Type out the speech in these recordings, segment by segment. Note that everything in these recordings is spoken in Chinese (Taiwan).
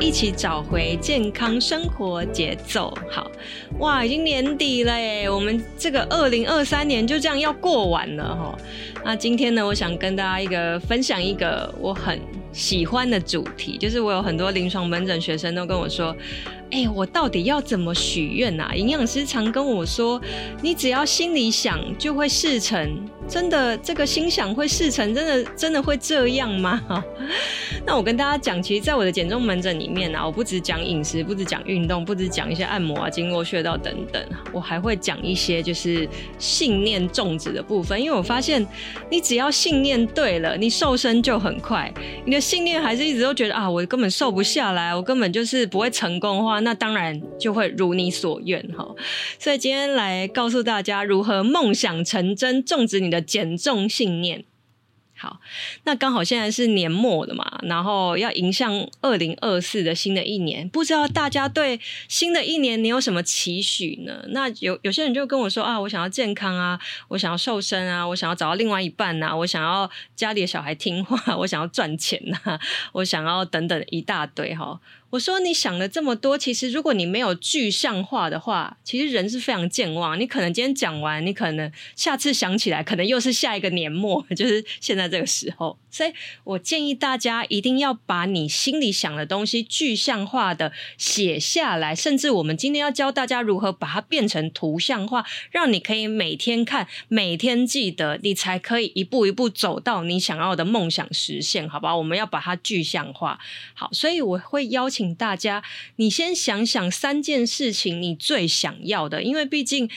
一起找回健康生活節奏。好，哇，已經年底了耶，我們這個二零二三年就這樣要過完了哦。那今天呢，我想跟大家一個分享一個我很喜歡的主題，就是我有很多臨床門診學生都跟我說。哎、欸，我到底要怎麼許願啊？營養師常跟我說，你只要心裡想就會事成。真的，這個心想會事成，真的真的會這樣嗎？ 那我跟大家講，其實，在我的減重門診裡面啊，我不只講飲食，不止講運動，不止講一些按摩啊、經絡穴道等等，我還會講一些就是信念種植的部分。因為我發現，你只要信念對了，你瘦身就很快。你的信念還是一直都覺得啊，我根本瘦不下來，我根本就是不會成功的話。那當然就會如你所願哈，所以今天來告訴大家如何夢想成真，種植你的減重信念。好，那剛好現在是年末了嘛，然後要迎向二零二四的新的一年，不知道大家對新的一年你有什麼期許呢？那有有些人就跟我說啊，我想要健康啊，我想要瘦身啊，我想要找到另外一半吶、啊，我想要家裡的小孩聽話，我想要賺錢呐、啊，我想要等等一大堆哈。我說你想了這麼多，其實如果你沒有具象化的話，其實人是非常健忘。你可能今天講完，你可能下次想起來，可能又是下一個年末，就是現在這個時候。所以我建議大家一定要把你心裡想的東西具象化的寫下來，甚至我們今天要教大家如何把它變成圖像化，讓你可以每天看，每天記得，你才可以一步一步走到你想要的夢想實現，好吧？我們要把它具象化。好，所以我會邀請。請大家，你先想想三件事情你最想要的，因為畢竟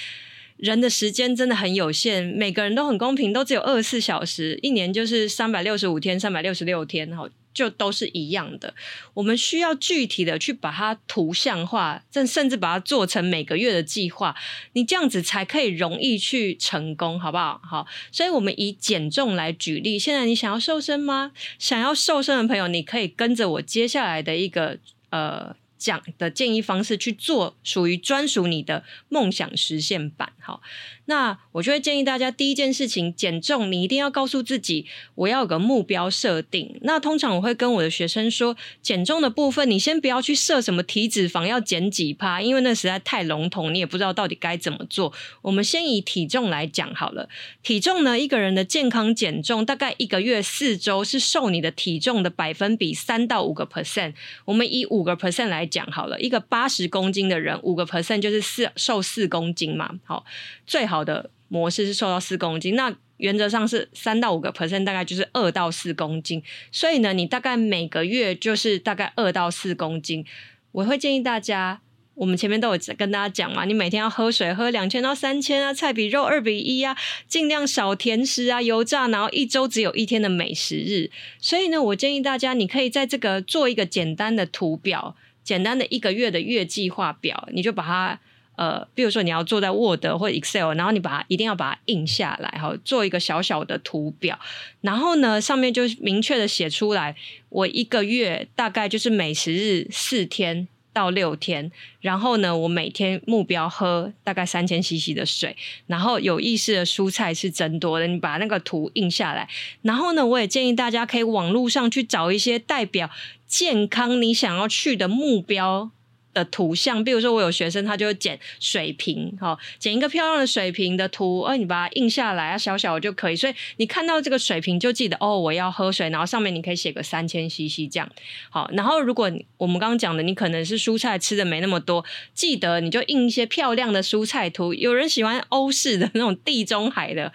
人的時間真的很有限，每個人都很公平，都只有二十四小時，一年就是三百六十五天、三百六十六天，就都是一樣的，我們需要具體的去把它圖像化，甚甚至把它做成每個月的計劃，你這樣子才可以容易去成功，好不好？好，所以我們以減重來舉例。現在你想要瘦身嗎？想要瘦身的朋友，你可以跟着我接下來的一個呃。講的建議方式去做，屬於專屬你的夢想實現版。好，那我就會建議大家，第一件事情減重，你一定要告訴自己，我要有個目標設定。那通常我會跟我的學生說，減重的部分，你先不要去設什麼體脂肪要減幾趴，因為那實在太籠統，你也不知道到底該怎麼做。我們先以體重來講好了，體重呢，一個人的健康減重大概一個月四周是瘦你的體重的百分比三到五個 percent，我們以五個 percent 來講。講好了，一個八十公斤的人，五個 percent 就是四，瘦四公斤嘛。好，最好的模式是瘦到四公斤。那原則上是三到五個 percent，大概就是二到四公斤。所以呢，你大概每個月就是大概二到四公斤。我會建議大家，我們前面都有跟大家講嘛，你每天要喝水，喝兩千到三千啊，菜比肉二比一啊，盡量少甜食啊，油炸，然後一周只有一天的美食日。所以呢，我建議大家，你可以在這個做一個簡單的圖表。簡單的一個月的月計劃表，你就把它呃，比如說你要做在 Word 或 Excel，然後你把它一定要把它印下來哈，做一個小小的圖表，然後呢，上面就明確的寫出來，我一個月大概就是美食日四天。到六天，然後呢，我每天目標喝大概三千 CC 的水，然後有意識的蔬菜是增多的。你把那個圖印下來，然後呢，我也建議大家可以網絡上去找一些代表健康你想要去的目標，的圖像，比如說我有學生，他就會剪水瓶，好、哦，剪一個漂亮的水瓶的圖，哎、哦，你把它印下來，啊，小小就可以。所以你看到這個水瓶，就記得哦，我要喝水，然後上面你可以寫個三千 CC 這樣，好、哦。然後如果我們剛剛講的，你可能是蔬菜吃的沒那麼多，記得你就印一些漂亮的蔬菜圖。有人喜歡歐式的那種地中海的。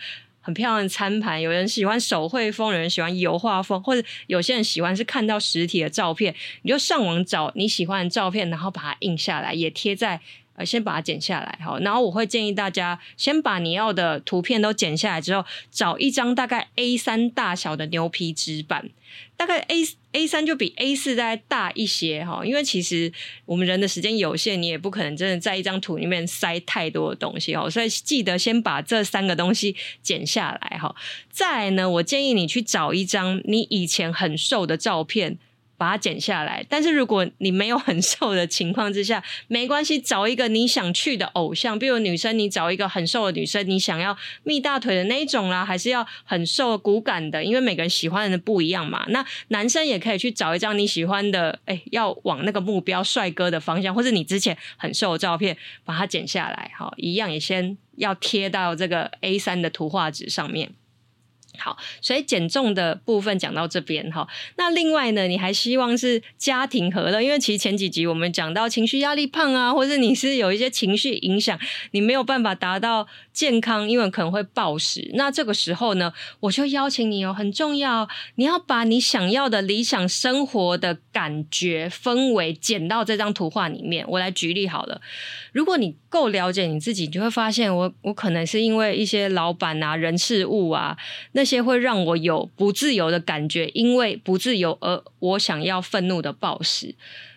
很漂亮的餐盤，有人喜歡手繪風，有人喜歡油畫風，或者有些人喜歡是看到實體的照片，你就上網找你喜歡的照片，然後把它印下來，也貼在。呃，先把它剪下來，然後我會建議大家，先把你要的圖片都剪下來之後，找一張大概 A3 大小的牛皮紙板，大概 A A3 就比 A4 再大，大一些，因為其實我們人的時間有限，你也不可能真的在一張圖裡面塞太多的東西哦。所以記得先把這三個東西剪下來哈。再來呢，我建議你去找一張你以前很瘦的照片。把它剪下來，但是如果你沒有很瘦的情況之下，沒關係，找一個你想去的偶像，比如女生，你找一個很瘦的女生，你想要蜜大腿的那一種啦，還是要很瘦的骨感的，因為每個人喜歡的不一樣嘛。那男生也可以去找一張你喜歡的，哎、欸，要往那個目標帥哥的方向，或是你之前很瘦的照片，把它剪下來，好，一樣也先要貼到這個 A 三的圖畫紙上面。好，所以減重的部分講到這邊哈。那另外呢，你還希望是家庭和樂，因為其實前幾集我們講到情緒壓力胖啊，或者你是有一些情緒影響，你沒有辦法達到健康，因為可能會暴食。那這個時候呢，我就邀請你哦，很重要，你要把你想要的理想生活的感覺氛圍，剪到這張圖畫裡面。我來舉例好了，如果你。夠了解你自己，你就會發現我、我可能是因為一些老闆啊、人事物啊，那些會讓我有不自由的感覺，因為不自由而我想要憤怒的暴食。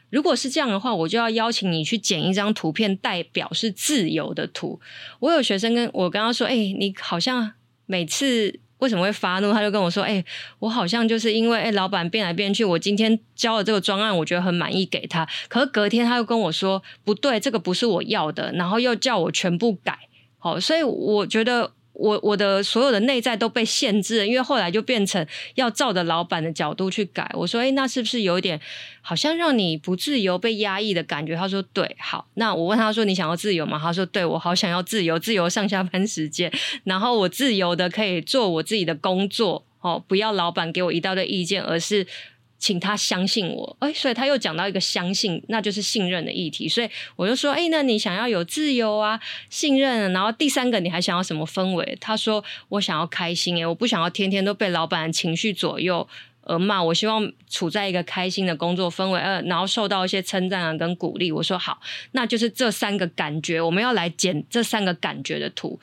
如果是這樣的話，我就要邀請你去剪一張圖片，代表是自由的圖。我有學生跟我剛剛說：“哎、欸，你好像每次。”為什麼會發怒？他就跟我說：“哎、欸，我好像就是因為哎、欸，老闆變來變去，我今天交了這個專案，我覺得很滿意給他，可是隔天他又跟我說不對，這個不是我要的，然後又叫我全部改。”好，所以我覺得。我我的所有的內在都被限制了，因為後來就變成要照着老闆的角度去改。我說，誒，那是不是有一點好像讓你不自由、被壓抑的感覺？他說，對，好。那我問他說，你想要自由嗎？他說，對，我好想要自由，自由上下班時間，然後我自由的可以做我自己的工作，哦，不要老闆給我一大堆意見，而是。請他相信我，哎，所以他又講到一個相信，那就是信任的議題。所以我就說，誒，那你想要有自由啊，信任啊，然後第三個你還想要什麼氛圍？他說我想要開心欸，耶，我不想要天天都被老闆情緒左右而罵，我希望處在一個開心的工作氛圍，呃，然後受到一些稱讚啊跟鼓勵。我說好，那就是這三個感覺，我們要來剪這三個感覺的圖，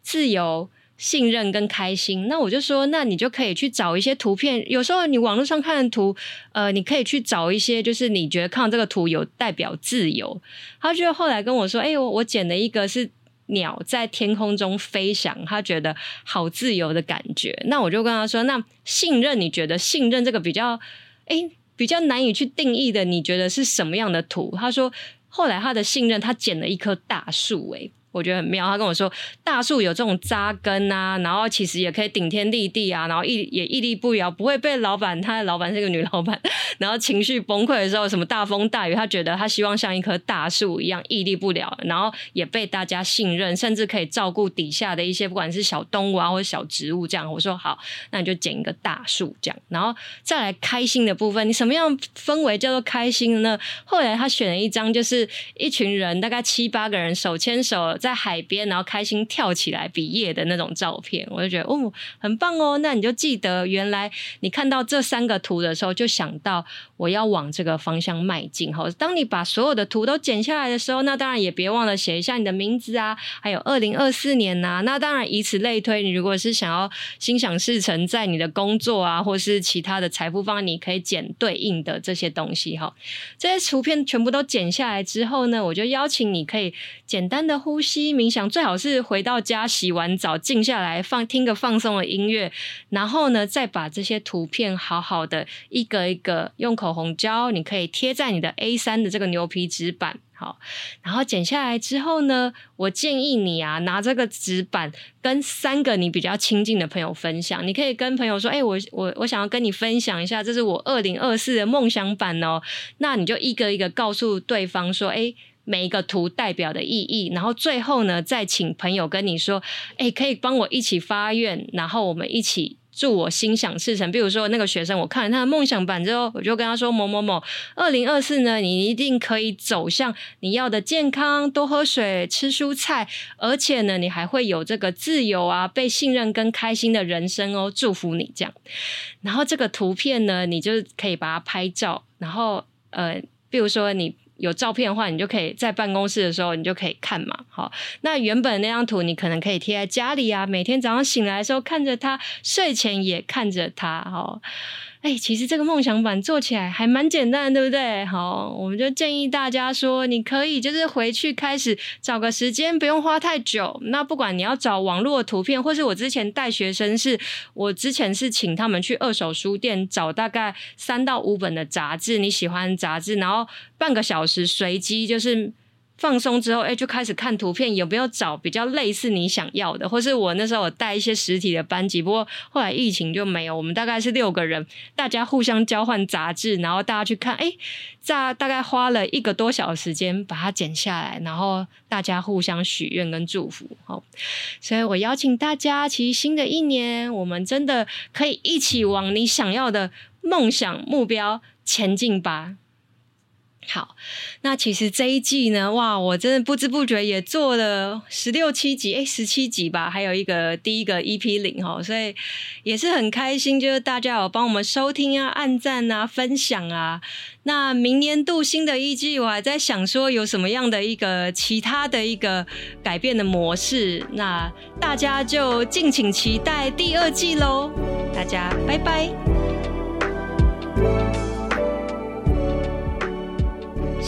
自由。信任跟開心，那我就說，那你就可以去找一些圖片。有時候你網絡上看的圖，呃，你可以去找一些，就是你覺得看這個圖有代表自由。他就後來跟我說，哎、欸，我我剪了一個是鳥在天空中飛翔，他覺得好自由的感覺。那我就跟他說，那信任你覺得信任這個比較，哎、欸，比較難以去定義的，你覺得是什麼樣的圖？他說後來他的信任，他剪了一棵大樹、欸，哎。我覺得很妙，他跟我說，大樹有這種扎根啊，然後其實也可以頂天立地啊，然後屹也屹立不搖，不會被老板，他的老板是一個女老板，然後情緒崩潰的時候，什麼大風大雨，他覺得他希望像一棵大樹一樣屹立不了，然後也被大家信任，甚至可以照顧底下的一些不管是小動物啊或者小植物這樣。我說好，那你就剪一個大樹這樣，然後再來開心的部分，你什麼樣氛圍叫做開心呢？後來他選了一張，就是一群人大概七八個人手牽手在海邊，然後開心跳起來畢業的那種照片，我就覺得哦，很棒哦。那你就記得，原來你看到這三個圖的時候，就想到我要往這個方向邁進哈。當你把所有的圖都剪下來的時候，那當然也別忘了寫一下你的名字啊，還有二零二四年啊。那當然以此類推，你如果是想要心想事成，在你的工作啊，或是其他的財富方，你可以剪對應的這些東西哈。這些圖片全部都剪下來之後呢，我就邀請你可以簡單的呼吸。七冥想，最好是回到家洗完澡靜下來放聽個放鬆的音樂，然後呢再把這些圖片好好的一個一個用口紅膠，你可以貼在你的 A 三的這個牛皮紙板，好，然後剪下來之後呢，我建議你啊拿這個紙板跟三個你比較親近的朋友分享，你可以跟朋友說，哎、欸，我我我想要跟你分享一下，這是我二零二四的夢想版哦，那你就一個一個告訴對方說，哎、欸。每一個圖代表的意義，然後最後呢，再請朋友跟你說：“哎，可以幫我一起發願，然後我們一起祝我心想事成。”比如說那個學生，我看了他的夢想版之後，我就跟他說：“某某某，二零二四呢，你一定可以走向你要的健康，多喝水，吃蔬菜，而且呢，你還會有這個自由啊，被信任跟開心的人生哦，祝福你。”這樣，然後這個圖片呢，你就可以把它拍照，然後呃，比如說你。有照片的話，你就可以在辦公室的時候，你就可以看嘛。好，那原本那張圖，你可能可以貼在家裡啊，每天早上醒來的時候看着他，睡前也看着他。好。哎、欸，其實這個夢想版做起來還蠻簡單的，對不對？好，我們就建議大家說，你可以就是回去開始找個時間，不用花太久。那不管你要找網絡的圖片，或是，我之前帶學生是，我之前是請他們去二手書店找大概三到五本的雜誌。你喜歡雜誌，然後半個小時隨機就是。放鬆之後，哎、欸，就開始看圖片，有沒有找比較類似你想要的？或是我那時候我帶一些實體的班級，不過後來疫情就沒有。我們大概是六個人，大家互相交換雜誌，然後大家去看，哎、欸，這大概花了一個多小時時間把它剪下來，然後大家互相許願跟祝福。好，所以我邀請大家，其實新的一年，我們真的可以一起往你想要的夢想目標前進吧。好，那其實這一季呢，哇，我真的不知不覺也做了十六七集，哎，十七集吧，還有一個第一個 EP 零吼，所以也是很開心，就是大家有幫我們收聽啊、按讚啊、分享啊。那明年度新的一季，我還在想說有什麼樣的一個其他的一個改變的模式，那大家就敬請期待第二季嘍。大家拜拜。